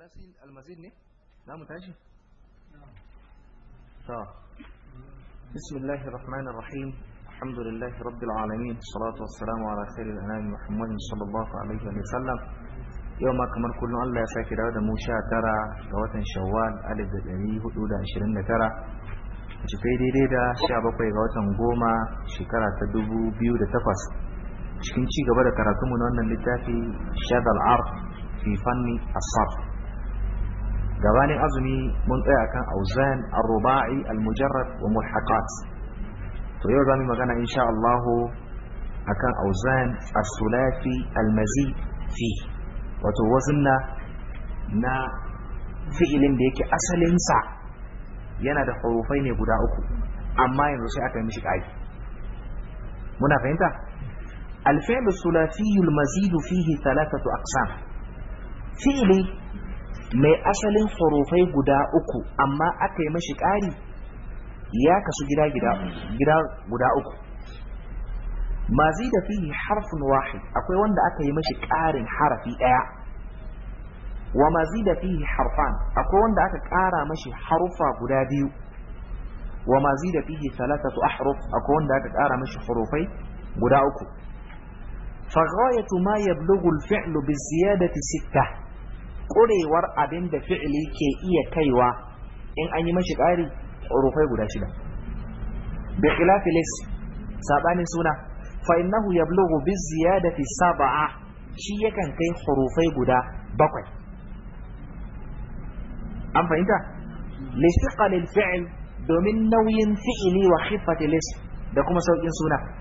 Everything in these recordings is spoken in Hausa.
ikhlasi almazid ne za mu tashi ta rabbil alamin salatu wassalamu ala khairil muhammadin sallallahu alaihi wa sallam yau ma kamar kullum Allah ya sake dawo da mu sha ga watan shawwal ɗari hudu da tara daidai da sha bakwai ga watan goma shekara ta dubu da cikin ci gaba da karatunmu na wannan littafi shadal arf fi fanni asar gabanin azumi mun tsaya kan auzan ar-ruba'i al wa mulhaqat to yau zamu magana insha Allah akan auzan as sulafi al fi wato wazanna na fi'ilin da yake asalin sa yana da hurufai ne guda uku amma yanzu sai aka yi mishi ƙari muna fahimta al-fi'l as-sulasi al-mazid fihi thalathatu fi'li mai asalin hurufai guda uku amma aka yi mashi ƙari ya kasu gida guda uku zai da fihi harfin wahid akwai wanda aka yi mashi ƙarin harafi ɗaya wa zai da fihi harfan akwai wanda aka ƙara mashi harufa guda biyu wa zai da fihi salatatu ahruf akwai wanda aka ƙara mashi hurufai guda uku fa ma yablughu al-fi'lu bi ziyadati sittah ƙurewar abin da fi'ili ke iya kaiwa in an yi mashi ƙari rufai guda shida bi khilafi lis sabanin suna fa innahu yablughu bi ziyadati sab'a shi yakan kai hurufai guda bakwai an fahimta li fi'l domin nauyin fi'ili wa khiffati da kuma sauƙin suna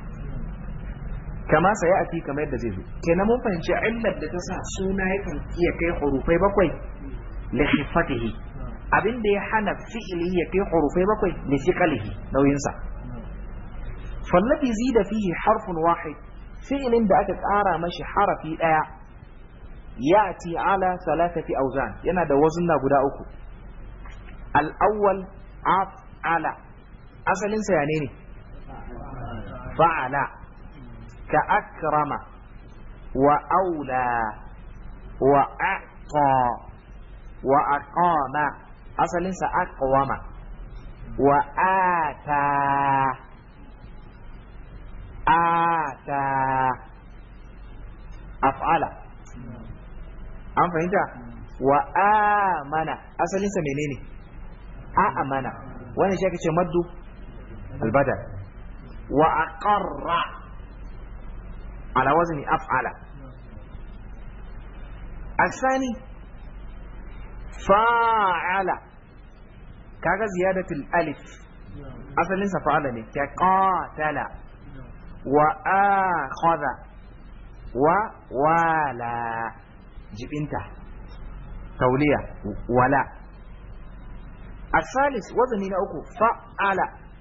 kama sai a fi kamar yadda zai zo kenan mun fahimci illar da ta sa suna yakan iya kai hurufai bakwai li khifatihi abin da ya hana fi'ili ya kai hurufai bakwai li thiqalihi nauyin sa fallati zida fihi harfun wahid fi'ilin da aka ƙara mashi harafi daya ya'ti ala salatati awzan yana da wazunna guda uku al-awwal af'ala asalin sa ya ne fa'ala ka akrama wa aula wa aqa wa aqama asalinsa aqwama wa ata ata af'ala an fahimta wa amana asalinsa menene amana wannan ce wa aqarra على وزن أفعل الثاني فاعل كذا زيادة الألف أصل لنسى فاعل لي كقاتل وآخذ ووالا جب انت تولية ولا الثالث وزن هنا أكو فاعل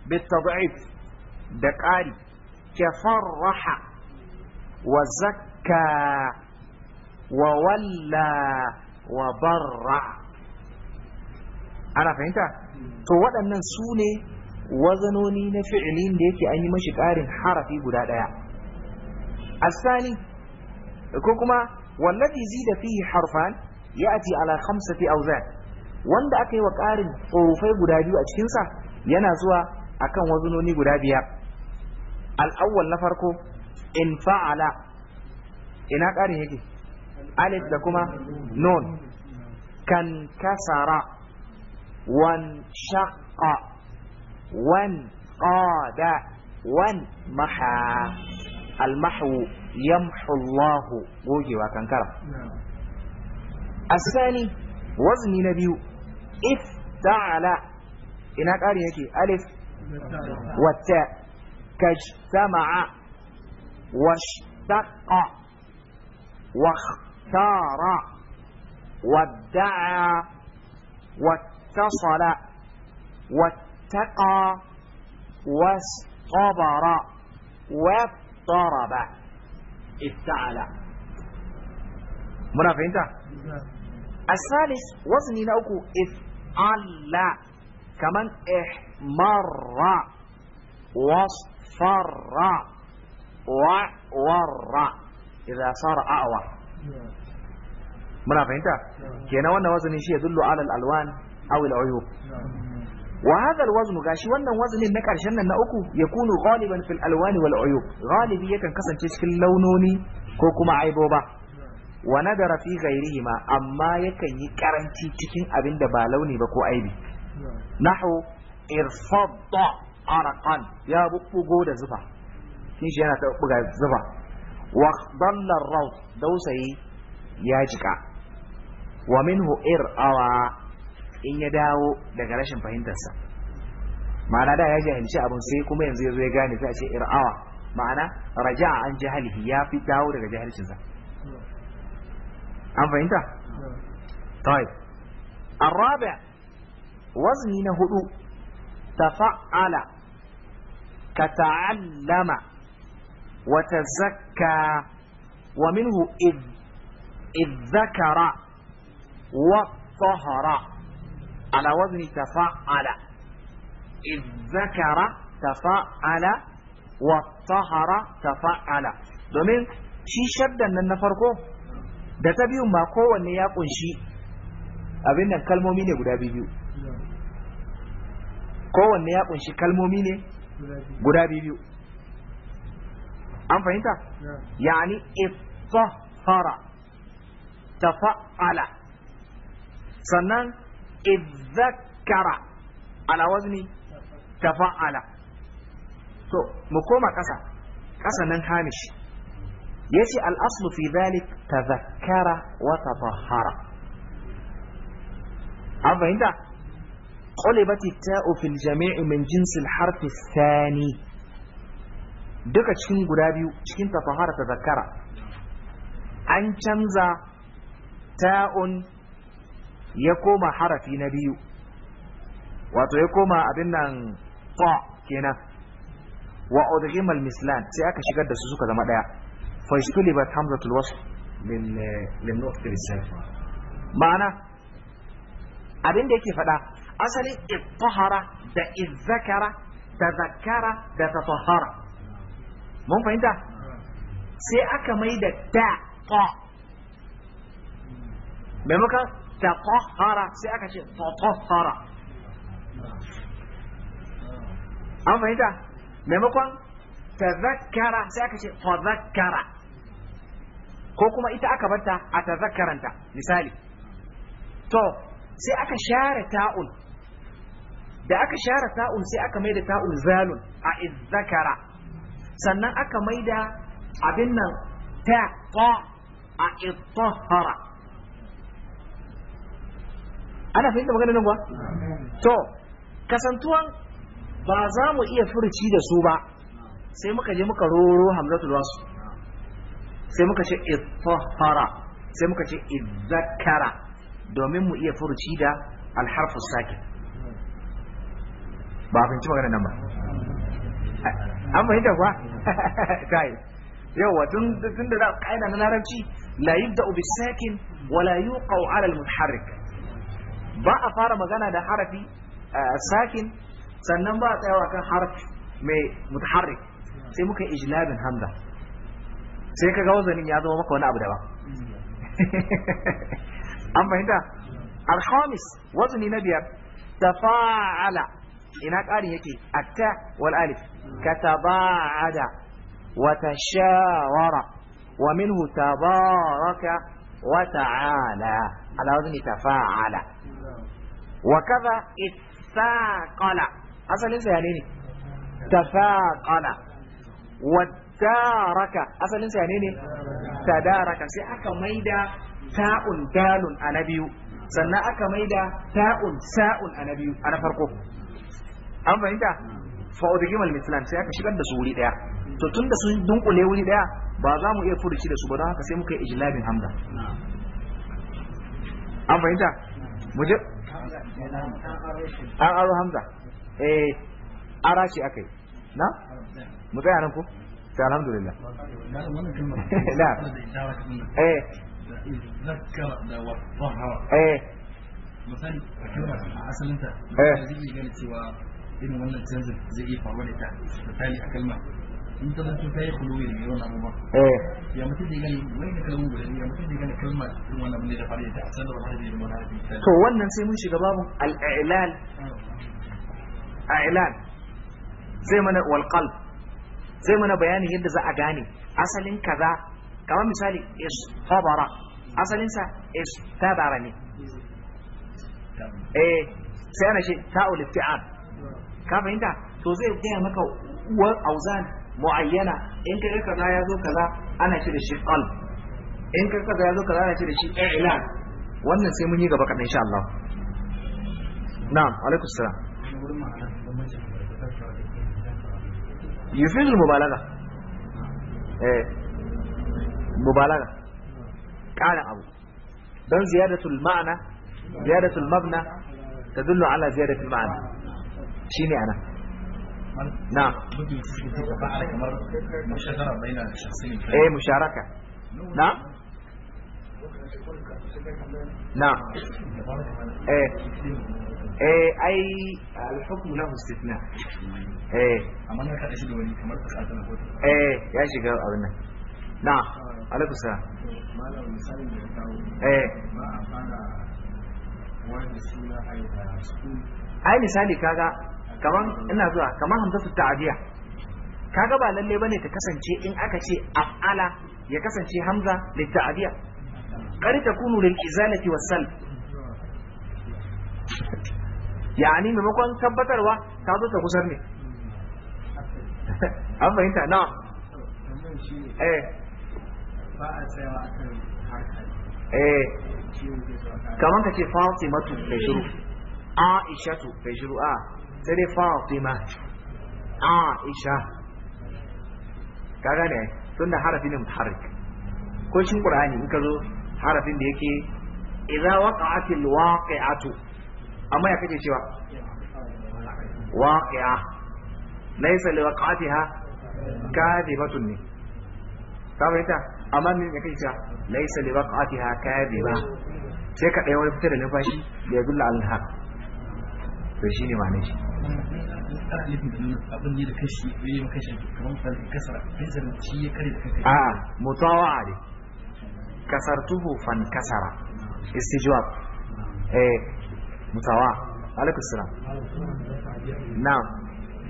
بالتضعيف دكاري كفرح وزكى وولى وبرع ana fahimta to waɗannan su ne wazanoni na fi'ilin da yake an yi mashi ƙarin harafi guda ɗaya Asani ko kuma wallazi zida fihi harfan ya'ti ala khamsati awzan wanda aka yi wa ƙarin hurufai guda biyu a cikinsa yana zuwa akan wazanoni guda biyar al na farko in fa'ala ina ƙarin yake alif da kuma nun kan kasara wan shaqqa wan qada wan maha almahwu yamhu Allah gogewa kankara asani wazni na biyu ifta'ala ina ƙarin yake alif wata kajtama'a واشتق واختار وادعى واتصل واتقى واصطبر واضطرب افتعل منا فهمت الثالث وزني نوكو افعل كمان احمر واصفر wa'warra idza sara a'war muna fahimta kenan wannan wazanin shi ya dullu ala alwan aw al uyub wa hadha al wazn gashi wannan wazanin na karshen nan na uku yakunu ghaliban fil alwan wal uyub ghalibi yakan kasance cikin launoni ko kuma aiboba wa nadara fi ghairihima amma yakan yi karanci cikin abin da ba launi ba ko aibi nahu irfadda arqan ya bubbugo da zufa kishi yana ta buga zuba wa dallar rauf dausayi ya jika wa minhu awa in ya dawo daga rashin fahimtarsa ma'ana da ya jahilci abin sai kuma yanzu ya zo ya gane sai a ce awa. ma'ana raja'a an jahalihi ya fi dawo daga jahilcinsa an fahimta wazni na hudu tafa'ala ka ta'allama وتزكى ومنه إذ, إذ ذكر وطهر على وزن تفعل إذ ذكر تفعل وطهر تفعل domin shi shaddan nan na farko da ta biyun ma kowanne ya kunshi abin nan kalmomi ne guda biyu kowanne ya kunshi kalmomi ne guda biyu an fahimta yani ittahara tafa'ala sannan idzakkara ala wazni tafa'ala to mu koma kasa kasa nan hamish yace al-aslu fi dhalik tadhakkara wa tatahhara an fahimta قلبت التاء في الجميع من جنس الحرف الثاني duka cikin guda biyu cikin tafahara ta zakara an canza ta'un ya koma harafi na biyu wato ya koma abin nan ta kenan wa al mislan sai aka shigar da su suka zama daya fa ba hamzatul wasl lil lil ma'ana abin da yake faɗa asali ittahara da izzakara da zakara da tatahara mun fahimta sai aka mai da ta ƙa maimakon ta ƙahara sai aka ce ta ƙahara an fahimta maimakon ta zakara sai aka ce ta zakara ko kuma ita aka barta a ta zakaranta misali to sai aka share ta'un da aka share ta'un sai aka mai da ta'un zalun a izzakara zakara sannan aka maida abin nan ta ta a ittahara ana fahimta magana nan ba to kasantuwan ba za mu iya furci da su ba sai muka je muka roro hamzatul wasu sai muka ce ittahara sai muka ce idzakara domin mu iya furci da alharfu sakin ba a fahimci magana nan ba an fahimta kuwa kai yawa tun tun da za kaida na larabci la yubda'u bisakin wa la yuqa'u 'ala al-mutaharrik ba a fara magana da harafi sakin sannan ba a tsayawa kan harafi mai mutaharrik sai muka ijlabin hamza sai kaga wazanin ya zama maka wani abu daban an fahimta mm. al-khamis wazni na biyar tafa'ala ina ƙarin yake atta wal alif ka taba'ada wa tashawara wa minhu tabaraka wa ta'ala ala wazni tafa'ala wa kaza istaqala asalin sa ne tafaqala wa taraka asalin sa ne tadaraka sai aka maida ta'un dalun a na biyu sannan aka maida ta'un sa'un a na biyu a na farko an fahimta gimal mislan sai aka shigar da su wuri daya to tunda sun dunkule wuri daya ba za mu iya furuci da su ba don haka sai muka yi ijlabin hamda an fahimta mu je an aro hamza eh ara shi akai na mu tsaya nan ko sai alhamdulillah la eh zakka da wa eh misali asalin ta eh. zai cewa irin wannan canjin zai iya faruwa da ita misali a kalma in ta zanto ta yi kuluwi ne yawan abubuwa ya mutum zai gani wani da kalmu guda ya mutum zai gani kalma irin wannan abin da ya faru da ita a sanar wani da wani harfi to wannan sai mun shiga babu al'ilal al'ilal zai mana walƙal zai mana bayanin yadda za a gane asalin kaza kamar misali istabara asalinsa istabara ne eh sai ana shi ta'ul isti'ab ka fahimta to zai gaya maka uwar auzan muayyana in ka ga kaza ya zo kaza ana ce da shi qal in ka kaza ya zo kaza ana ce da shi ila wannan sai mun yi gaba kadan insha Allah na'am alaikum salam yufidul mubalaga eh mubalaga kana abu dan ziyadatul ma'na ziyadatul mabna tadullu ala ziyadatul ma'na shi ne ana na eh musharaka na na eh eh ai alhukum lahu istithna eh amma na kada shi da wani kamar ka tsara ko eh ya shiga abin nan na alaikum salam malam misali da kawo eh ba a fara wani suna ai da su ai misali kaga kaman ina zuwa kaman hamzatu ta'diya kaga ba lalle bane ta kasance in aka ce af'ala ya kasance hamza litta'diya qari kunu lil izalati wasal yani maimakon tabbatarwa ta zo ta kusar ne an fahimta na eh ba a tsayawa akan harkar eh kaman ka ce fatimatu bai shiru aishatu bai shiru a sai dai fatima aisha kaga ne tun da harafin ne mutaharrik ko shi qur'ani in ka zo harafin da yake idza waqa'atil waqi'atu amma ya kace cewa waqi'a laysa li waqa'atiha kadibatun ne saboda ita amma ne ya kace cewa laysa li waqa'atiha kadiba sai ka dai wani fitar da nufashi da ya dulla al-haq to shine ma shi ana nufin da nuna abin ne da kashi ya yi kamar falin kasara fensar ya kare da kakai a'a mutawa ne fan kasara istijwab eh mutawa alaikum salam na'am a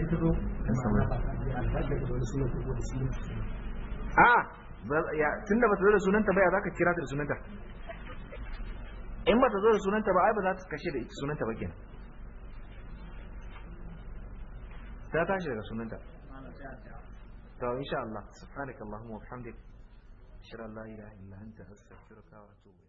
tunda ba zo da sunanta ba ya za ka kira ta da sunanta in bata zo da sunanta ba ai ba za ta kashe da sunanta ba kenan ta tashi daga sunanta to insha Allah subhanakallahumma wa bihamdika ashhadu an la ilaha illa anta astaghfiruka wa atubu